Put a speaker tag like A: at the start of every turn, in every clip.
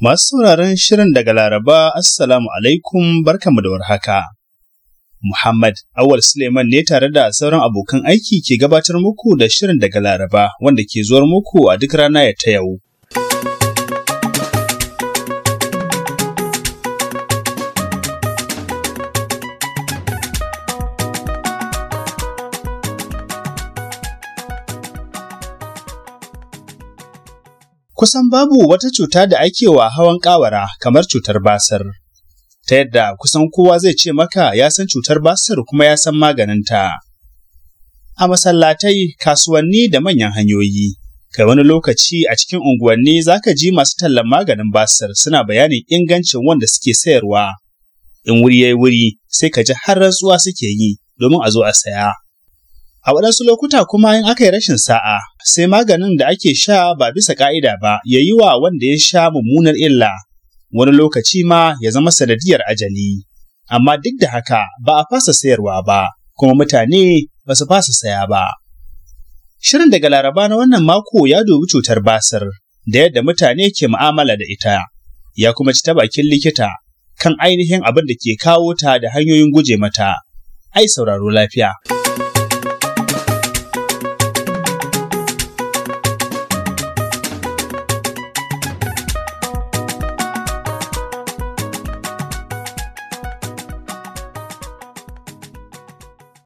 A: Masu sauraron shirin daga Laraba, Assalamu alaikum barkamu da warhaka. Muhammad Awal Suleiman ne tare da sauran abokan aiki ke gabatar muku da shirin daga Laraba wanda ke zuwar muku a duk rana ya ta yau. kusan babu wata cuta da ake wa hawan kawara kamar cutar basar, Ta yadda kusan kowa zai ce maka ya san cutar basar kuma ya san maganinta. A masallatai, kasuwanni da manyan hanyoyi, ga wani lokaci a cikin unguwanni za ka ji masu tallan maganin basar suna bayanin ingancin wanda suke sayarwa. In wuri ya yi wuri sai ka ji har rantsuwa suke yi domin a zo a saya. A waɗansu lokuta kuma in aka yi rashin sa'a, sai maganin da ake sha ba bisa ƙa'ida ba ya yi wa wanda ya sha mummunar illa, wani lokaci ma ya zama sanadiyar ajali. Amma duk da haka ba a fasa sayarwa ba, kuma mutane ba su fasa saya ba. Shirin daga Laraba na wannan mako ya dubi cutar basir da yadda mutane ke mu'amala da ita, ya kuma ci ta bakin likita kan ainihin abin da ke kawo ta da hanyoyin guje mata. Ai sauraro lafiya.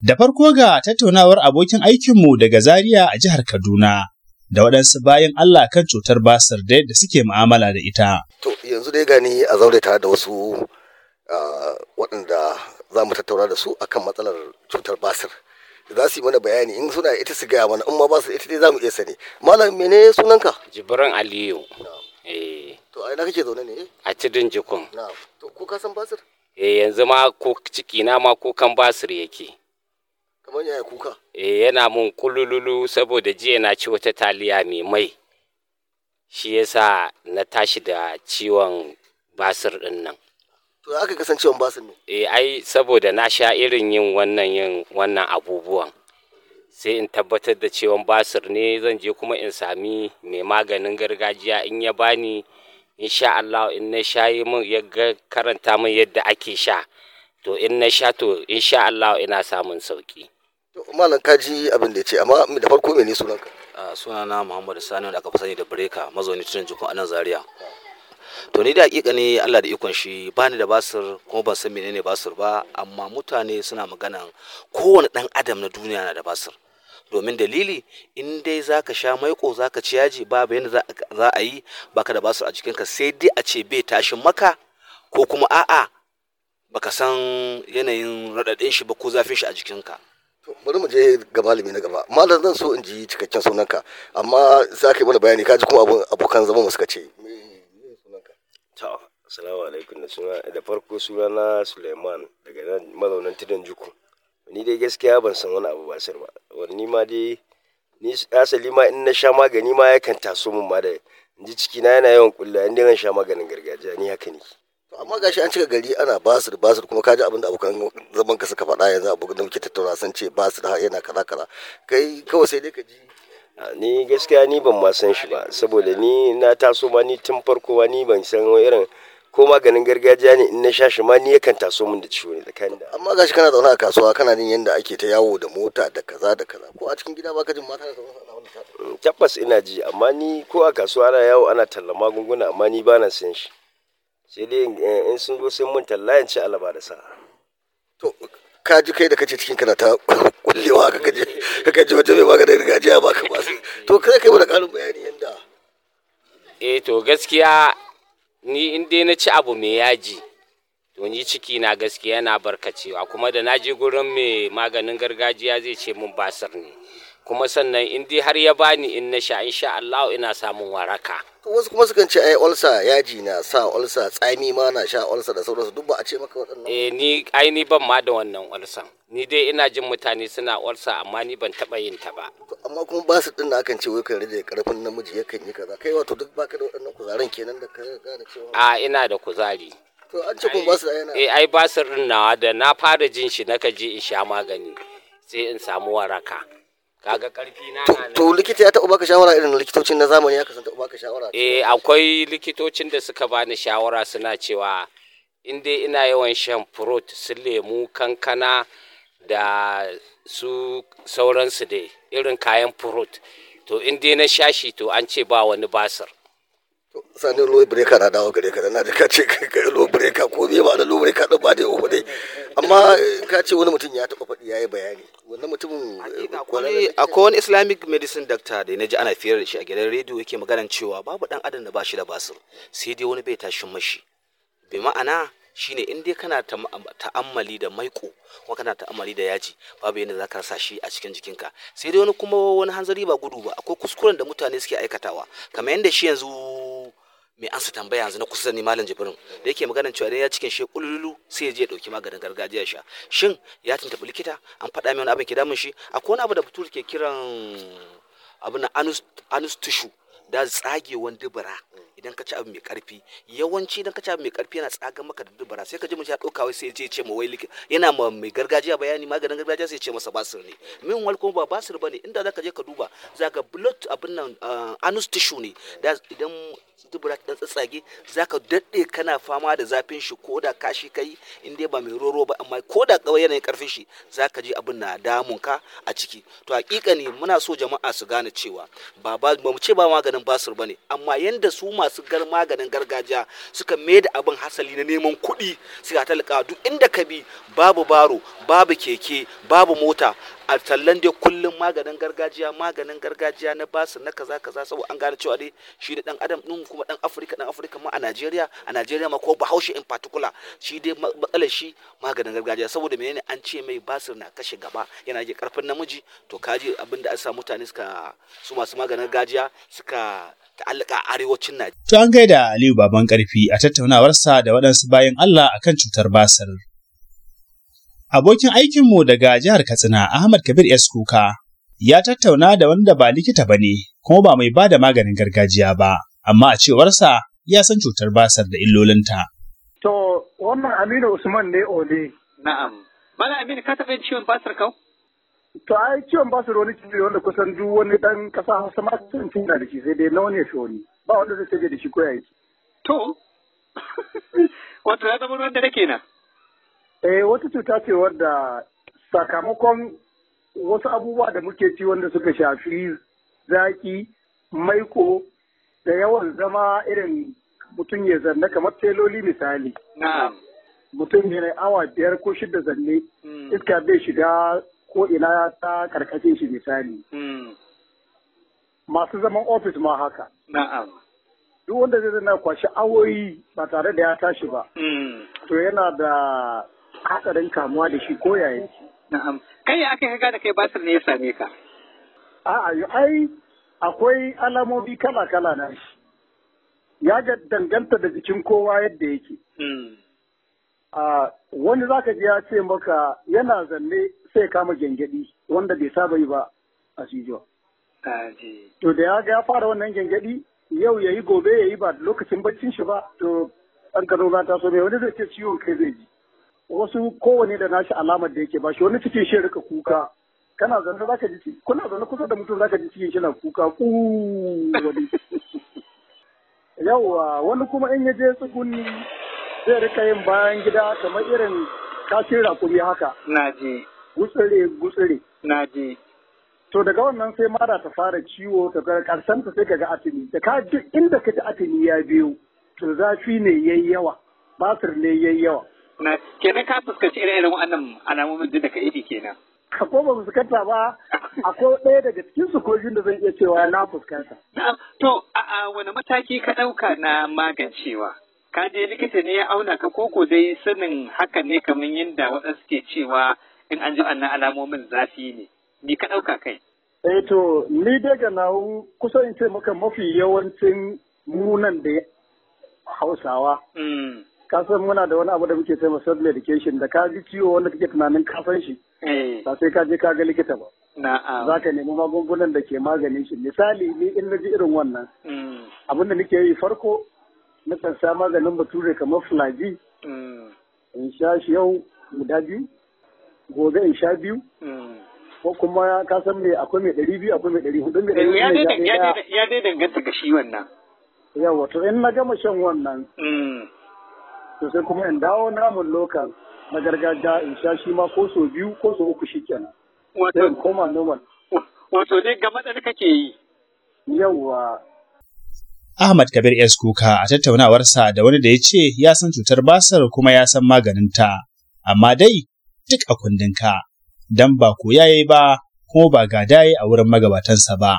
A: Da farko ga tattaunawar abokin aikinmu daga Zaria a jihar Kaduna da waɗansu bayan Allah kan cutar basir da yadda suke mu'amala da ita.
B: To yanzu dai gani a zaure tare da wasu waɗanda za mu tattauna da su akan matsalar cutar basir. za su yi mana bayani in suna ita su gaya mana in ma ba su ita dai za mu iya sani malam mene sunanka jibran aliyu eh. to a ina kake zaune ne
C: a cidin jikun
B: to ko ka san basir
C: eh yanzu ma ko ciki na ma ko kan basir yake
B: kamar yaya kuka
C: eh yana mun kululu saboda jiya na ci wata taliya mai mai shi yasa na tashi da ciwon basir din nan to aka ciwon basir ne eh ai saboda na sha irin yin wannan yin wannan abubuwan sai in tabbatar da ciwon basir ne zan je kuma in sami mai maganin gargajiya in ya bani insha Allah in na sha yi min ya karanta min yadda ake sha to in na sha to insha Allah ina samun sauki malam
D: kaji abin da ya ce amma da farko mene sunanka sunana muhammadu sani wanda aka fi sani da breka mazauni cikin jikun anan zaria to ni da hakika ne Allah da ikon shi bani da basir kuma ban san menene basir ba amma mutane suna magana kowane dan adam na duniya na da basir domin dalili in dai zaka sha maiko zaka ci yaji babu yadda za a yi baka da basir a jikinka sai dai a ce bai tashi maka ko kuma a'a baka san yanayin raɗaɗin shi ba ko zafin shi a jikinka
B: bari mu je ga malami na gaba malam zan so in ji cikakken sunanka amma za ka yi mana bayani ka ji kuma abokan zama mu suka ce
E: Assalamu alaikum da suna da farko suna na Suleiman daga nan mazaunan tudun Juku. Ni dai gaskiya ban san wani abu sir ba. Wani ma dai ni asali ma in na sha magani ma yakan taso mun ma da
B: ji ciki na yana yawan kulla in dai zan sha maganin gargajiya ni haka ne. to amma gashi an cika gari ana basir basir kuma kaji abin da abokan zaman ka suka faɗa yanzu abokan da muke tattauna sun ce basir yana kaza kaza kai kawai sai dai ka ji ni gaskiya ni ban ma san shi ba saboda ni
E: na taso ma ni tun farko ma ni ban san irin ko maganin gargajiya ne in na sha shi ma
B: ni yakan taso min da ciwo ne kan da amma gashi kana zauna a kasuwa kana nin yanda ake ta yawo da mota da kaza da kaza ko a cikin gida baka jin mata da zaune mm, tabbas ina ji amma ni ko a kasuwa ana
E: yawo ana talla magunguna amma ni bana san shi sai dai eh, in sun zo sai mun talla
B: in ci alaba da sa. to ka ji kai da kace cikin kana ta kullewa ka kaje
C: ka kaje wata mai maganin gargajiya ba ka basu to kai kai mana karin bayani yanda eh to gaskiya ni in dai na ci abu mai yaji to ni ciki na gaskiya yana barkacewa kuma da na gurin mai maganin gargajiya zai ce mun basar ne kuma sannan in dai har ya bani in na sha insha Allah ina samun waraka
B: wasu kuma sukan ce ai olsa yaji na sa olsa tsami ma na sha olsa da sauransu duk ba a ce
C: maka waɗannan eh ni ai ni ban ma da wannan olsan ni dai ina jin mutane suna olsa amma ni ban taɓa yin ta ba
B: amma kuma ba su dinna akan ce wai kan rage karfin namiji yakan yi kaza kai wato duk baka da waɗannan kuzarin kenan da ka gane cewa a ina da kuzari to an ce kun ba su da yana eh
C: ai ba su rinnawa da na fara jin shi na kaje in sha magani sai in samu waraka kaga karfi na to,
B: to likita ya taɓa baka shawara irin likitocin na zamani ya
C: kasance baka shawara eh akwai likitocin da suka bani shawara suna cewa in dai ina yawan shan fruit su lemu kankana da su sauransu dai irin kayan fruit to in dai na shashi to an ce ba wani basir
B: sanin lubreka na dawo gare ka na da ka ce kai lubreka ko bai ba da lubreka
D: din ba dai yau dai amma ka ce wani mutum ya taba faɗi yayi bayani
B: wani mutum
C: eh, akwai wani
D: islamic medicine doctor da naji ana fiyar da shi a gidan rediyo yake maganan cewa babu dan adam da ba shi da basir sai dai wani bai tashin mashi bi ma'ana shine in dai kana ta'ammali da maiko kuma kana ta'ammali da yaji babu yadda za ka rasa shi a cikin jikinka sai dai wani kuma wani hanzari ba gudu ba akwai kuskuren da mutane suke aikatawa kamar yadda shi yanzu mai su tambaya yanzu na kusa da malam jibrin da yake maganar cewa ya cikin shi kululu sai ya je ya dauki maganin gargajiya sha shin ya tuntuɓi likita an faɗa mai wani abin ke damun shi akwai wani abu da bature ke kiran abin anus anus da tsagewan dubura idan ka ci abu mai karfi yawanci idan ka ci abu mai karfi yana tsaga maka da dubara sai ka ji mutum ya dauka wai sai ya je ce ma wai likita yana ma mai gargajiya bayani maganin gargajiya sai ya ce masa basir ne min wal kuma ba basir bane inda zaka je ka duba zaka blood abin nan ah, anus tissue ne idan dubura ta tsatsage zaka daɗe kana fama da zafin shi ko da kashi kai in dai ba mai roro ba amma ko da kawai yanayin karfin shi zaka ji abin na damun ka a ciki to hakika ne muna so jama'a su gane cewa ba ba mu ce ba maganin ba bane amma yanda su masu gar maganin gargajiya suka mai da abin hasali na neman kuɗi suka talaka duk inda ka bi babu baro babu keke babu mota a tallan dai kullum maganin gargajiya maganin gargajiya na basu na kaza kaza saboda an gane cewa dai shi da dan adam din kuma dan afirka dan afirka ma a najeriya a najeriya ma ko bahaushe in particular shi dai matsalar shi maganin gargajiya saboda menene an ce mai basir na kashe gaba yana ji karfin namiji to kaji abinda an sa mutane suka su masu maganin gargajiya suka ta'allaka a arewacin Najeriya.
A: To an gaida Aliyu Baban Karfi a tattaunawarsa da waɗansu bayan Allah akan cutar basir. Abokin aikinmu daga jihar Katsina Ahmad Kabir S. Kuka ya tattauna da wanda ba likita ba ne kuma ba mai ba da maganin gargajiya ba, amma a cewarsa ya san cutar basar da illolinta.
F: To, wannan Aminu Usman ne Ole. Na'am. Bala Aminu ka taɓa ciwon basar kau? To, ai ciwon basar wani ciwo ne wanda kusan duk wani ɗan ƙasa Hausa ma sun tuna da shi sai dai na wani ya shi Ba wanda zai sai da shi ko ya yi. To,
G: wato ya zama wanda nake na.
F: Eh wata cuta ce wadda sakamakon wasu abubuwa da muke ci wanda suka shafi zaki, maiko da yawan zama irin mutum ya zanne kamar teloli misali. Mutum ya awa biyar ko shida zanne hmm. iska bai shiga ko ina ta karkashin shi misali. Hmm. Masu zaman ofis ma haka. Duk wanda zai zana kwashi awoyi ba tare da ya tashi ba. Hmm. To yana da hatsarin kamuwa da shi ko yaya. Na'am.
G: Kai aka ga da kai basir ne ya same
F: ka. A'a, ai akwai alamomi kala-kala na shi. Ya danganta da jikin kowa yadda yake. Hmm. Wani za ka ji ya ce maka yana zanne sai kama gyangyaɗi wanda bai saba yi ba a cijo. To da ya ga ya fara wannan gyangyaɗi yau ya yi gobe ya yi ba lokacin baccin shi ba to an ka ta so mai wani zai ce ciwon kai zai ji. wasu kowane da nashi alamar da yake ba shi wani cikin shi rika kuka kana zaune zaka ji ciki kuna zaune kusa da mutum zaka ji cikin shi na kuka ku wani yawa wani kuma in ya je ni, zai rika yin bayan gida kamar irin kashin rakumi haka na je gutsire gutsire na je to daga wannan sai mara ta fara ciwo ta ga karshen ta sai kaga atini da ka duk inda ka ji atini ya biyo to zafi ne yayyawa yawa basir ne yayi yawa
G: kenan ka fuskanci irin irin wannan alamomin
F: da ka yi kenan ka ko ba fuskanta ba akwai ɗaya daga cikin su ko da zan iya cewa na fuskanta
G: to a wani mataki ka ɗauka na magancewa ka je likita ne ya auna ka koko dai sanin hakan ne kamar yadda waɗansu ke cewa in an ji wannan alamomin zafi ne ni ka
F: ɗauka kai eh to ni dai ga nawu kusa in ce maka mafi yawancin munan da hausawa mm. ka san muna da wani abu da muke sai masu medication da ka ji ciwo wanda kake tunanin ka san shi eh. ba sai ka je ka ga likita ba za ka nemi magungunan da ke maganin shi misali ni in na ji irin wannan mm. abin da nake yi farko na kan sa maganin bature kamar flaji mm. in sha shi yau guda biyu gobe in sha biyu mm. ko kuma ka san me akwai mai ɗari biyu akwai mai ɗari hudu mai
G: ya dai danganta ga shi wannan
F: yawa to in na gama shan wannan Sosai kuma in dawo namun lokal na gargajiya in sha shi ma ko so biyu ko so uku shikenan wato in koma noman. wato dai ga kake yi yawwa
A: Ahmad Kabir S. Kuka a tattaunawarsa da wani da ya ce ya san cutar basar kuma ya san maganin ta, amma dai duk a kundin ka, don ba ko yi ba ko ba gadaye a wurin magabatansa ba.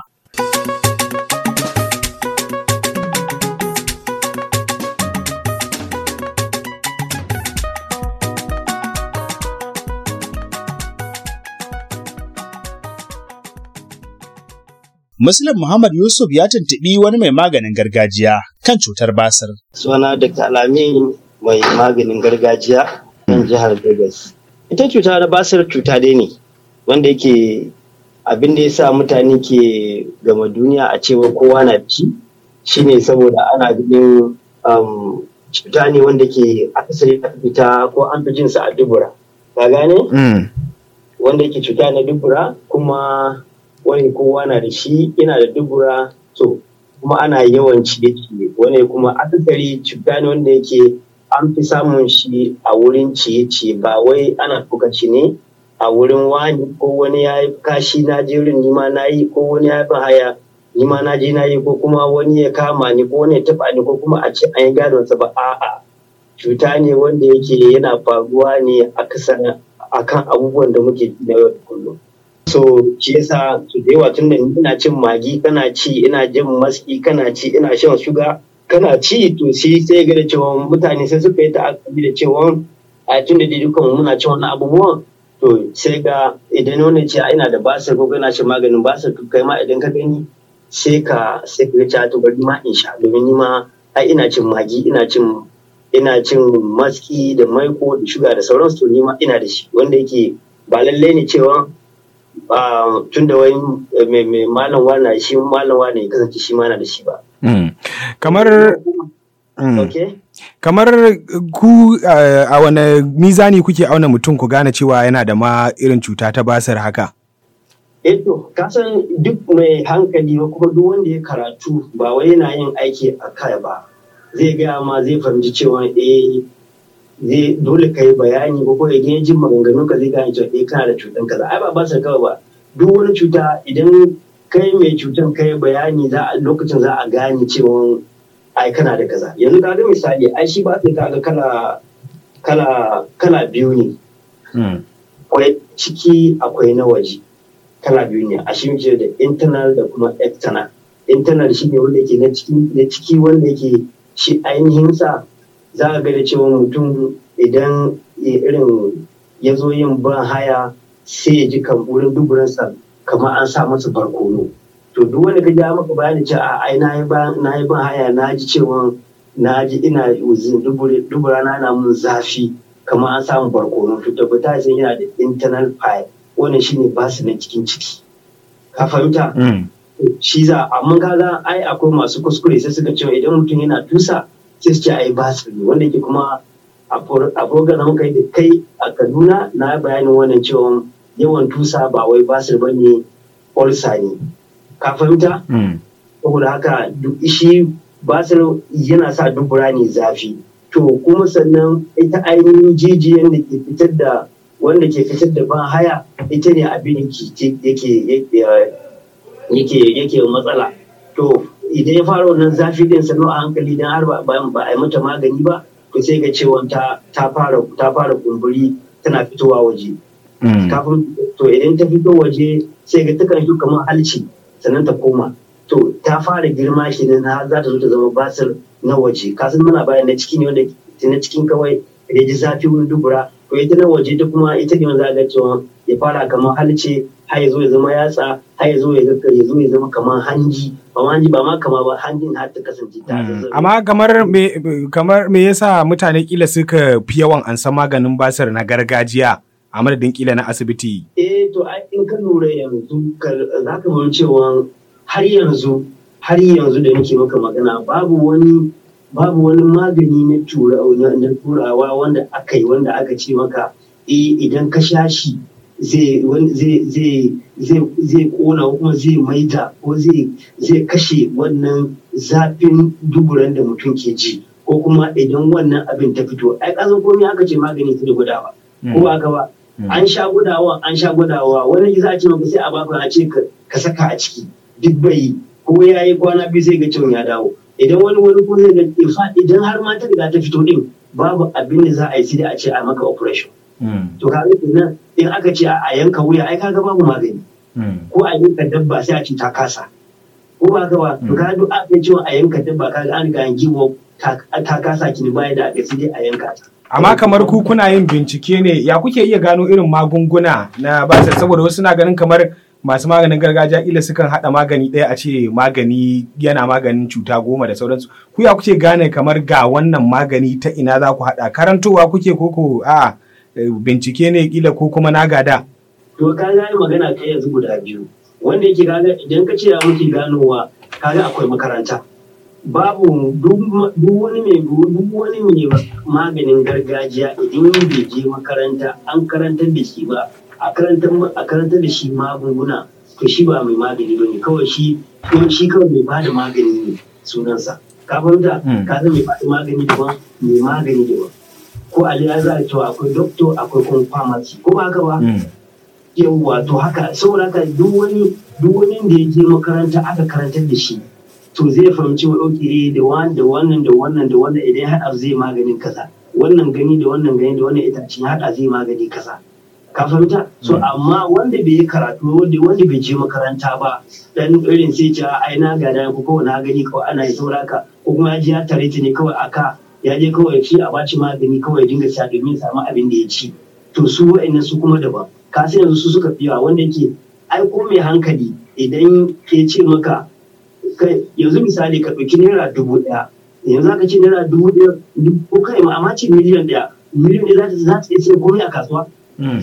A: Muslim Muhammad Yusuf ya tuntuɓi wani mai maganin gargajiya kan cutar basir.
E: Suna da kalami mai maganin gargajiya kan hmm. jihar Lagos. Ita cuta da basir cuta dai ne wanda yake abin da ya sa mutane ke gama duniya a cewa kowa na ci ne saboda ana ganin um, cuta ne wanda ke akasari fita ko an fi jinsa a dubura. Ka gane? Hmm. Wanda yake cuta na dubura kuma wani kowa na da shi ina da dubura to kuma ana yawan ciye-ciye wani kuma akasari cuta ne wanda yake an fi samun shi a wurin ciye-ciye ba wai ana fukaci ne a wurin wani ko wani ya yi kashi na ni nima na yi ko wani ya fi haya nima na je na yi ko kuma wani ya kama ni ko wani ya taba ni ko kuma a ce an yi gadonsa ba a'a cuta ne wanda yake yana faruwa ne akasarin akan abubuwan da muke na yau da kullum. so shi yasa su da yawa tun da ina cin magi kana ci ina jin maski kana ci ina shan suga kana ci to shi sai ga da cewa mutane sai suka yi ta'akkali da cewa a tun da dukkan muna cin wannan abubuwan to sai ga idan wani ce ina da basir ko kana shan maganin basir kai ma idan ka gani sai ka sai ka ci to bari ma insha sha domin ni ma ai ina cin magi ina cin ina cin maski da maiko da shuga da sauransu to ni ma ina da shi wanda yake ba lallai ne cewa tun da wani eh, mai malam wana shi malam kasance shi mana da shi ba.
H: Mm. Kamar mm. Kamar ku eh, a wane mizani kuke auna mutum ku gane cewa yana da ma irin cuta ta basir haka?
E: Eto, eh, kasan duk mai hankali ba kuma duk wanda ya karatu ba wai yana yin aiki a kai ba. Zai gaya ma zai fahimci cewa eh zai dole ka yi bayani ko kuma idan jin maganganun ka zai gane cewa eh, kana da cutan kaza ai ba ba sa kawai ba duk wani cuta idan kai mai cutan kai bayani za a lokacin za a gane cewa ai kana da kaza yanzu ka ga misali ai shi ba sai kaga kala kala kala biyu ne hmm. ciki akwai na waje kala biyu ne a shi da internal da kuma external internal shi ne wanda yake na na ciki wanda yake shi ainihin sa za a ga da cewa mutum idan irin ya zo yin ban haya sai ya ji kan wurin duburansa kamar an sa masa barkono to duk wanda ka ja maka bayani cewa ai na yi ban haya na ji cewa na ji ina dubura na na mun zafi kamar an samu barkono to tabbata sai yana da internal fire wannan shine basu na cikin ciki ka fahimta mm. shi za amma kaga ai akwai masu kuskure sai suka cewa idan mutum yana tusa sai a ce ba su yi wanda ke kuma a program muka yi da kai a kaduna na bayanin wannan cewa yawan tusa ba wai basir ba bane olsa ne ka fahimta mm. saboda haka shi basir yana sa dubura ne zafi to kuma sannan ita ainihin jijiyar da ke fitar da wanda ke fitar da ban haya ita ne abin yake yake matsala to idan ya fara wannan zafi din sannu a hankali dan har ba ba a yi mata magani ba to sai ga cewa ta ta fara ta fara kumburi tana fitowa waje hmm. kafin to idan ta fito waje sai ga takan shi kamar alci sannan ta koma to ta fara girma shi ne har za ta zo ta zama basir na waje kasan muna bayan na ciki ne wanda na cikin kawai da ji zafi wurin dubura to ita na waje ta kuma ita ne wanda za ga cewa ya fara kamar halce har ya zo ya zama yatsa har ya zo ya zo ya zama kamar hanji ba ma hanji ba ma kama ba hanjin har ta kasance
H: ta hmm. amma kamar me kamar me yasa mutane kila suka fi yawan an san maganin basar na gargajiya a madadin kila na asibiti
E: eh to in ka lura yanzu za ka mun cewa har yanzu har yanzu da nake maka magana babu wani babu wani magani na turawa wanda aka yi wanda aka ce maka eh, idan ka sha shi zai kona ko kuma zai maida ko zai kashe wannan zafin duburan da mutum ke ji ko kuma idan wannan abin ta fito ai kasar komai aka ce magani ta da gudawa ko ba ba mm. Mm. an sha gudawa an sha gudawa wani za a ce maka sai a baka a ce ka saka a ciki duk bai ko ya yi kwana biyu sai ga cewa ya dawo idan wani wani ko zai ga idan har ma ta riga ta fito din babu abin da za a yi sai a ce a maka operation Mm. to ka ga kenan in aka ce a yanka wuya ai kaga babu magani mm. ko a yanka dabba sai a ce ta kasa ko ba ka ba mm. to ka duk aka ce a yanka dabba kaga
H: an ga giwo ta kasa ki ne baya da aka sai dai a yanka ta amma kamar ku kuna yin bincike ne ya kuke iya gano irin magunguna na basir saboda wasu na ganin kamar masu maganin gargajiya ila sukan hada magani daya a ce magani yana maganin cuta goma da sauransu ku ya kuke gane kamar ga wannan magani ta ina za ku hada karantowa kuke koko a'a. Eh, bincike ne kila ko kuma na gada
E: to ka gane magana kai yanzu guda biyu wanda yake gane idan ka ce ya muke ganowa ga akwai makaranta babu duk wani mai duk wani mai maganin gargajiya idan bai je makaranta an karanta da shi ba a karantar da shi magunguna to shi ba mai magani ba ne kawai shi shi kawai mai ba da magani ne sunansa ka fahimta hmm. ka zama mai ba magani daban mai magani daban ko ya a to akwai doktor akwai kuma pharmacy ko ba ka ba hmm. yawwa to haka saboda haka duk wani duk wani da ya je makaranta aka karantar da shi to zai fahimci wa ɗauki eh, da wannan da wannan da wannan da wannan idan haɗa zai maganin kaza wannan gani da wannan gani da wannan itacen haɗa zai magani kaza ka fahimta so hmm. amma wanda bai yi karatu wanda wanda bai je makaranta ba dan irin sai ce ai na gada ko na gani kawai ana yi saboda haka ko kuma ya je ya tare ta ne kawai aka ya je kawai ci a baci magani kawai dinga sha domin samu abin da ya ci to su wa'annan su kuma daban ka san yanzu su suka fi yawa wanda yake ai ko mai hankali idan ke ce maka yanzu misali ka ɗauki naira dubu ɗaya yanzu aka ce naira dubu ɗaya ko kai ma amma ce miliyan ɗaya miliyan ɗaya za ta iya sai komai a kasuwa hmm.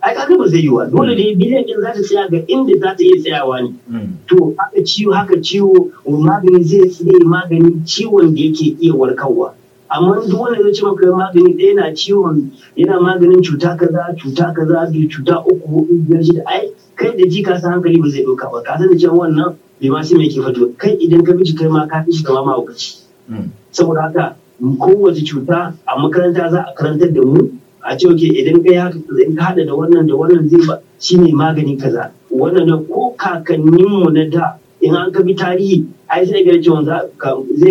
E: ai kaga ba zai yi wa dole hmm. ne miliyan ɗin za ta tsaya ga inda za ta iya tsayawa ne hmm. to haka ciwo haka ciwo magani zai tsaye magani ciwon da yake iya warkarwa amma duk wanda ya ce maka magani ɗaya na ciwon yana maganin cuta kaza cuta kaza biyu cuta uku hudu biyar shida ai kai da ji ka san hankali ba zai ɗauka ba ka san da cewa wannan bai ma sai mai ke fito kai idan ka bici kai ma ka fi shi kama ma hukaci hmm. saboda haka kowace cuta a makaranta za a karantar da mu a ce oke idan kai haka in ka haɗa da wannan da wannan zai ba shine magani kaza wannan ko kakanninmu na da in an ka bi tarihi ai sai ga cewa zai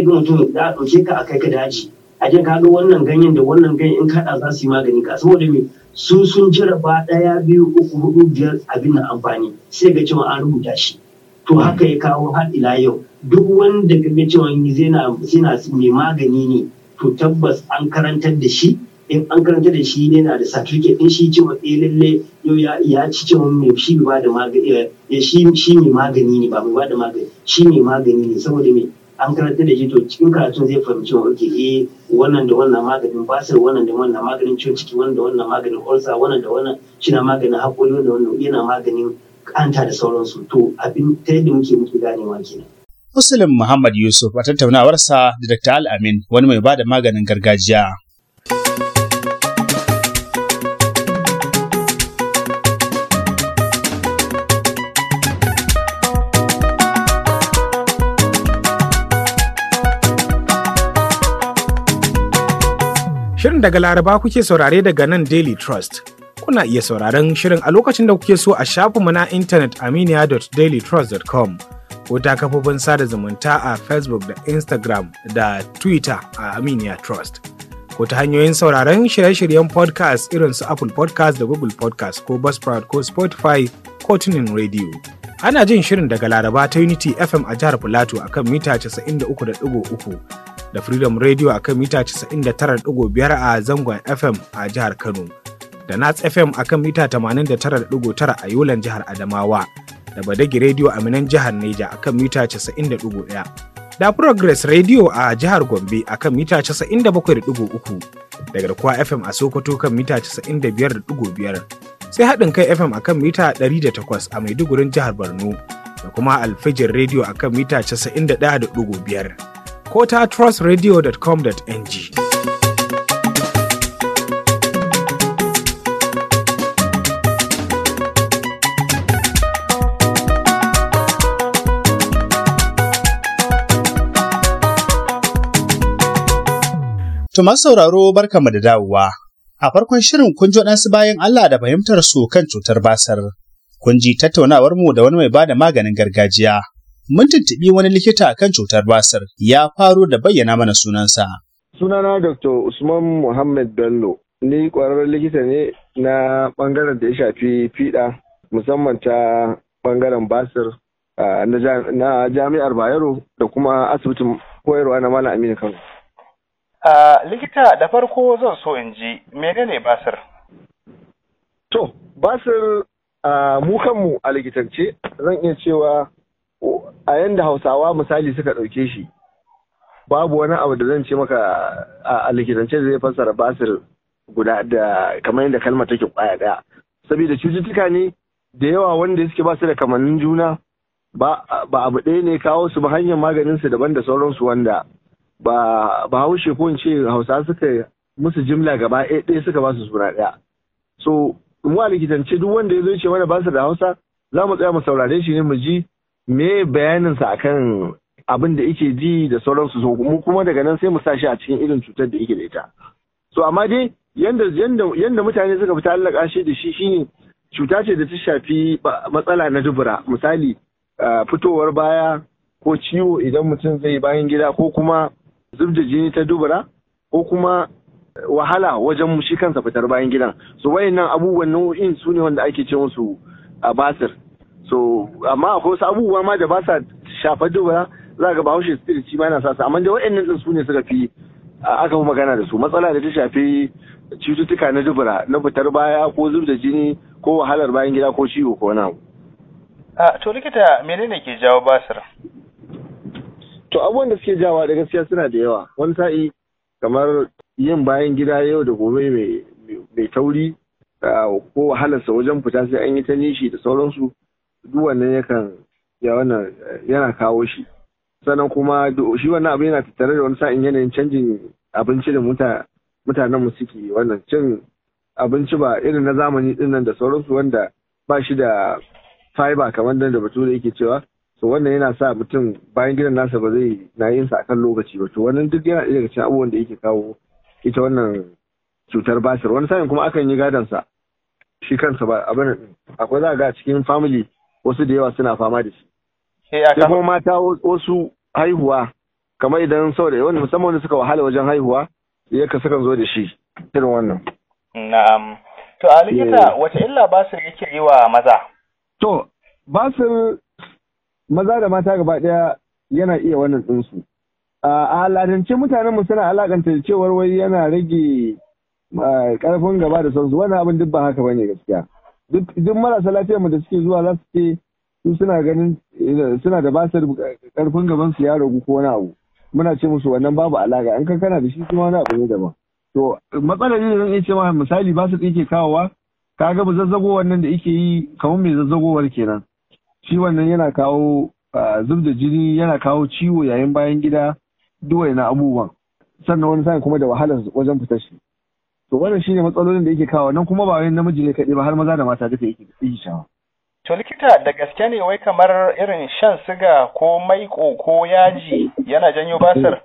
E: ga mutum da ɗauke ka a kai ka daji a je ka ga wannan ganyen da wannan ganyen in kaɗa za su yi magani ka saboda me su sun ba ɗaya biyu uku hudu biyar abin na amfani sai ga cewa an rubuta shi to haka ya kawo har ila yau duk wanda ka ga cewa zina mai magani ne to tabbas an karantar da shi in an karantar da shi yana da certificate din shi cewa eh lalle yau ya ya ci cewa mai shi ba da magani ya eh, shi shi mai magani ne ba mai ba da magani shi mai magani ne saboda me an karanta da shi to cikin karatun zai fahimci wa ke, eh, yi wannan da wannan maganin basir wannan da wannan maganin ciwon ciki wannan da wannan maganin ulcer wannan da wannan shina maganin haƙori wannan wannan yana maganin kanta da sauransu to abin ta yadda muke muke ganewa kenan
A: Muslim Muhammad Yusuf a tattaunawarsa da Dr. Al-Amin wani mai bada maganin gargajiya.
H: Shirin daga Laraba kuke saurare daga nan Daily Trust. Kuna iya sauraren shirin a lokacin da kuke so a shafinmu na intanet aminiya.dailytrust.com ko ta kafofin sada zumunta a Facebook da Instagram da Twitter a Aminiya Trust. Ko ta hanyoyin sauraren shirye-shiryen podcast irin su Apple podcast da Google podcast ko Buzzsprout ko Spotify ko Tunin Radio. Ana jin shirin daga Laraba ta Unity FM a jihar Filato akan mita 93.3 da Freedom Radio a kan mita 99.5 a zangon FM a jihar Kano, da Nats FM a kan mita 89.9 a Yolan jihar Adamawa, da Badagi Radio a Minan jihar Neja a kan mita 90.1, da Progress Radio a jihar Gombe a kan mita 97.3, da Garkuwa FM a Sokoto kan mita 95.5. Sai haɗin kai FM a kan mita 108 a Maiduguri jihar Borno da kuma Alfijir Radio a kan mita 91.5. ko ta trustradio.com.ng.
A: Tuma sauraro barkamu da dawowa. A farkon shirin kun ji waɗansu bayan Allah da fahimtar su kan cutar basar. Kun ji tattaunawar mu da wani mai ba da maganin gargajiya mun tuntuɓi wani likita kan cutar basir ya faro da bayyana mana sunansa.
I: Sunana Dr. Usman Muhammad Bello, ni ƙwararren likita ne na ɓangaren da ya shafi fiɗa musamman ta ɓangaren basir na jami'ar Bayero da kuma asibitin koyarwa na Malam Aminu Kano.
G: likita da farko zan so in ji menene basir?
I: To, basir mu kanmu a likitance zan iya cewa a yanda hausawa misali suka ɗauke shi babu wani abu da zan ce maka a likitance da zai fassara basir guda da kamar yadda kalma take kwaya daya saboda cututtuka ne da yawa wanda suke ba su da kamannin juna ba abu ɗaya ne kawo su ba hanyar maganin su daban da sauransu wanda ba ba haushe ko in ce hausa suka musu jimla gaba ɗaya suka ba su suna ɗaya so mu a likitance duk wanda ya zo ce mana ba su da hausa za mu tsaya mu saurare shi ne mu ji me bayaninsa akan abin da yake ji da sauransu so mu kuma daga nan sai mu sa shi a cikin irin cutar da yake da ita so amma dai yanda mutane suka fita allaka shi da shi shine cuta ce da ta shafi matsala na dubura misali ah, fitowar baya ko ciwo idan mutum zai bayan gida ko kuma zub da jini ta dubura ko kuma wahala wajen shi kansa fitar bayan gidan so wayannan abubuwan nau'in su ne wanda ake ce musu ah, basir so amma akwai wasu abubuwa ma da ba sa shafar dubara za ga bahaushe spirit shi ma yana sa amma da wa'annan din su ne suka fi aka fi magana da su matsala da ta shafi cututtuka na dubura na fitar baya ko zub da jini ko wahalar bayan gida ko ciwo ko wani abu.
G: to likita menene ke jawo basir?
I: to abubuwan da suke jawa da gaskiya suna da yawa wani sa'i kamar yin bayan gida yau da gobe mai tauri ko wahalarsa wajen fita sai an yi ta nishi da sauransu duk wannan yakan ya wannan yana kawo shi sannan kuma shi wannan abu yana tattare da wani sa'in yanayin canjin abinci da mutanen mu suke wannan cin abinci ba irin na zamani din nan da sauransu wanda ba shi da fiber kamar da bature yake cewa to wannan yana sa mutum bayan gidan nasa ba zai na yin sa kan lokaci ba to wannan duk yana daga cikin abubuwan da yake kawo ita wannan cutar basir wani sa'in kuma akan yi gadon sa shi kansa ba abin akwai za ga cikin family wasu da yawa suna fama da shi sai kuma mata wasu haihuwa kamar idan sau da wani musamman wanda suka wahala wajen haihuwa ya ka sukan zo da shi irin wannan
G: na'am to a likita eh. wace illa basir yake yi wa maza
I: to basir maza da mata gaba daya yana iya wannan ɗinsu. a al'adance mutanen mu suna alakanta cewar wai yana rage karfin eh, gaba da sauransu wannan abin duk ba haka bane gaskiya duk marasa lafiyar mu da suke zuwa za su ce su suna ganin suna da basar karfin gaban su ya ragu ko wani abu muna ce musu wannan babu alaka an kan kana da shi kuma wani abu ne daban to matsalar ne zan iya ce cewa misali su yake kawowa ga ba zazzago wannan da ike yi kamar mai zazzagowar kenan shi wannan yana kawo zub da jini yana kawo ciwo yayin bayan gida duwai na abubuwan sannan wani sa'in kuma da wahalar wajen fitar shi to wannan shine matsalolin da yake kawo nan kuma ba wai namiji ne kaɗai ba har maza da mata duka yake yi shawa
G: to likita da gaske ne wai kamar irin shan siga ko maiko ko yaji yana janyo basir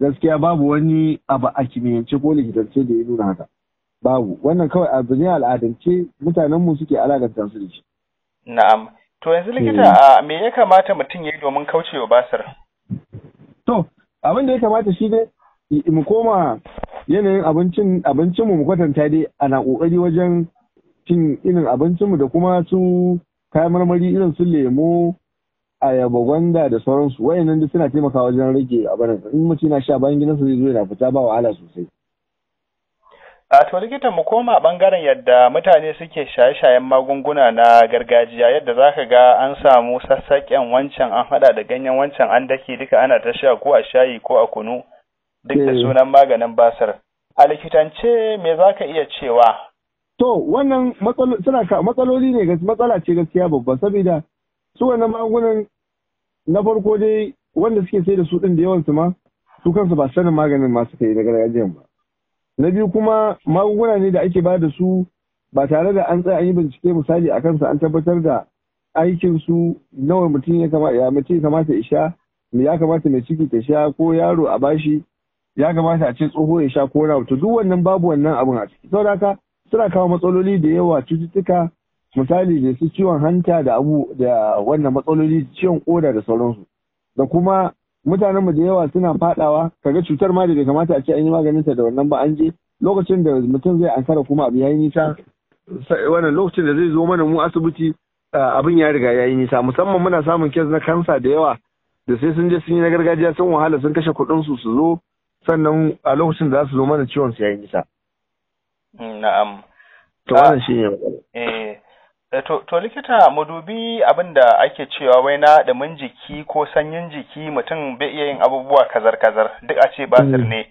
I: gaskiya babu wani abu a kimiyyance ko likitance da ya nuna haka babu wannan kawai abu ne al'adance mutanen mu suke alaƙanta su da shi
G: na'am to yanzu likita eh. me ya kamata mutum ya yi domin kaucewa basir
I: to abin da ya kamata shi dai mu koma yanayin abincin abincinmu mu kwatanta dai ana kokari wajen cin irin abincinmu da kuma su kayan marmari irin su lemo ayaba gwanda da sauransu wayannan duk suna taimakawa wajen rage abarin in mace na sha bayan gidansa zai zo yana fita ba wahala sosai
G: a to likita mu koma bangaren yadda mutane suke shaye-shayen magunguna na gargajiya yadda za ka ga an samu sassaƙen wancan an hada da ganyen wancan an dake duka ana ta sha ko a shayi ko a kunu duk da eh. sunan maganin basir. A likitance me za ka iya cewa?
I: To wannan matsaloli ne matsala ce gaskiya babba saboda su wannan magunan na farko dai wanda suke sai da su ɗin da yawansu ma su kansu ba sanin maganin ma suka yi na gargajiyan ba. Na biyu kuma magunguna ne da ake ba da su ba tare da an tsaya an yi bincike misali a kansa an tabbatar da aikin su nawa mutum ya kamata ya kamata ya sha ya kamata mai ciki ta sha ko yaro a bashi ya kamata a ce tsoho ya sha ko na to duk wannan babu wannan abin a ciki saboda haka suna kawo matsaloli da yawa cututtuka misali da su ciwon hanta da abu da wannan matsaloli ciwon koda da sauransu da kuma mutanen mu da yawa suna fadawa kaga cutar ma da bai kamata a ce an yi maganin ta da wannan ba an je lokacin da mutum zai ankara kuma abu yayi nisa wannan lokacin da zai zo mana mu asibiti abin ya riga yayi nisa musamman muna samun kes na kansa da yawa da sai sun je sun yi na gargajiya sun wahala sun kashe kuɗin su su zo sannan a lokacin da za su zo mana ciwon su yayin nisa
G: mm, na'am
I: to wannan shi ne
G: eh, eh to, likita mu dubi abin da ake cewa wai na mun jiki ko sanyin jiki mutum bai iya yin abubuwa kazar-kazar duk a ce basir mm. ne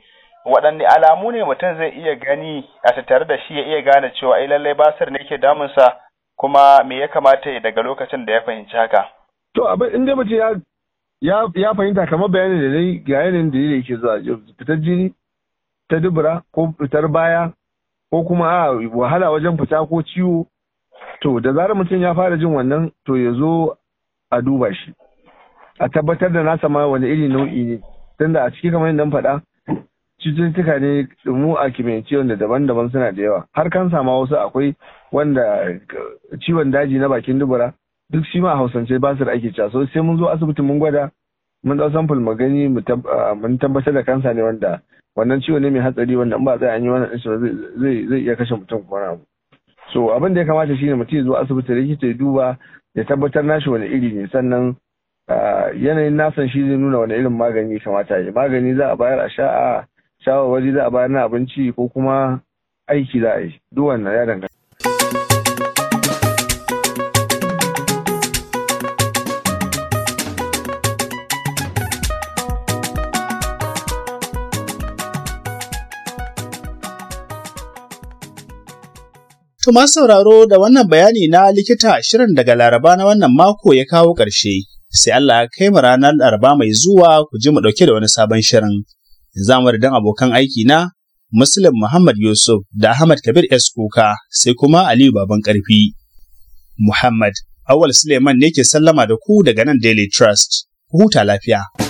G: waɗanne alamu ne mutum zai iya gani a tattare da shi ya iya gane cewa ai lallai basir ne ke damunsa kuma me ya kamata ya daga lokacin da ya fahimci
I: haka to abin in mutum ya ya fahimta kamar bayanin da nai ga yanayin da yake zuwa fitar jini ta dubura ko fitar baya ko kuma a wahala wajen fita ko ciwo to da zarar mutum ya fara jin wannan to ya zo a duba shi a tabbatar da nasa ma wani iri nau'i ne da a ciki kamar yadda faɗa cututtuka ne mu a kimiyance wanda daban-daban suna da yawa har kansa ma wasu akwai wanda ciwon daji na bakin dubura duk shi ma a hausance da ake cewa so sai mun zo asibiti mun gwada mun dau sample mu mun tabbatar da kansa ne wanda wannan ciwo ne mai hatsari wanda in ba tsaya an yi wannan insulin zai iya kashe mutum kuma abu so abin da ya kamata shi ne mutum ya zo asibiti likita ya duba ya tabbatar nashi wani iri ne sannan yanayin nasan shi zai nuna wani irin magani ya kamata ya magani za a bayar a sha'a shawarwari za a bayar na abinci ko kuma aiki za a yi duk wannan ya danganta
A: To masu sauraro da wannan bayani na likita shirin daga Laraba na wannan mako ya kawo ƙarshe. Sai Allah ya kai mu ranar Laraba mai zuwa ku ji mu ɗauke da wani sabon shirin. Za mu da abokan aiki na Muslim Muhammad Yusuf da Ahmad Kabir S. Kuka sai kuma Aliyu Baban Ƙarfi. Muhammad Awal Suleiman ne ke sallama da ku daga nan Daily Trust. Huta lafiya.